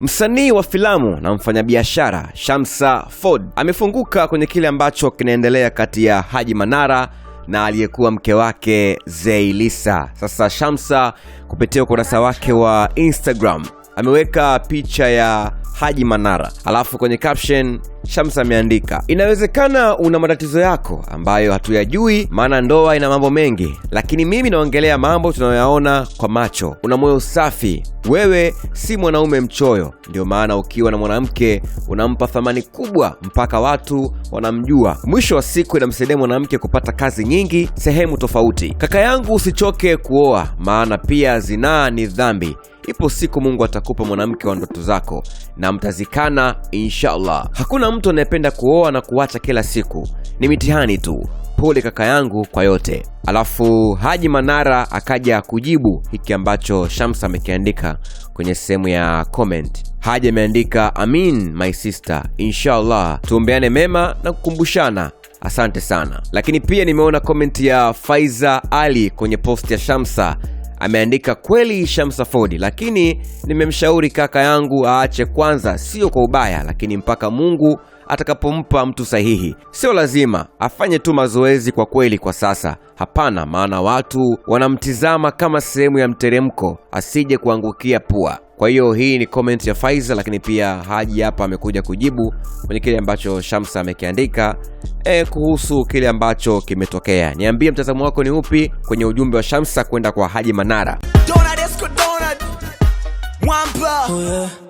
Msanii wa filamu na mfanyabiashara Shamsa Ford amefunguka kwenye kile ambacho kinaendelea kati ya Haji Manara na aliyekuwa mke wake Zeilisa. Sasa Shamsa kupitia ukurasa wake wa Instagram ameweka picha ya Haji Manara. Alafu kwenye caption Shamsa ameandika inawezekana una matatizo yako ambayo hatuyajui, maana ndoa ina mambo mengi, lakini mimi naongelea mambo tunayoyaona kwa macho. Una moyo safi, wewe si mwanaume mchoyo. Ndio maana ukiwa na mwanamke unampa thamani kubwa mpaka watu wanamjua. Mwisho wa siku inamsaidia mwanamke kupata kazi nyingi sehemu tofauti. Kaka yangu, usichoke kuoa, maana pia zinaa ni dhambi ipo siku Mungu atakupa mwanamke wa ndoto zako na mtazikana inshallah. Hakuna mtu anayependa kuoa na kuacha kila siku, ni mitihani tu. Pole kaka yangu kwa yote. Alafu Haji Manara akaja kujibu hiki ambacho Shamsa amekiandika kwenye sehemu ya comment. Haji ameandika amin my sister, inshallah tuombeane mema na kukumbushana Asante sana. Lakini pia nimeona komenti ya Faiza Ali kwenye posti ya Shamsa ameandika kweli Shamsa Ford, lakini nimemshauri kaka yangu aache kwanza, sio kwa ubaya, lakini mpaka Mungu atakapompa mtu sahihi. Sio lazima afanye tu mazoezi kwa kweli kwa sasa, hapana, maana watu wanamtizama kama sehemu ya mteremko, asije kuangukia pua. Kwa hiyo hii ni comment ya Faiza, lakini pia Haji hapa amekuja kujibu kwenye kile ambacho Shamsa amekiandika e, kuhusu kile ambacho kimetokea. Niambie mtazamo wako ni upi kwenye ujumbe wa Shamsa kwenda kwa Haji Manara oh, yeah.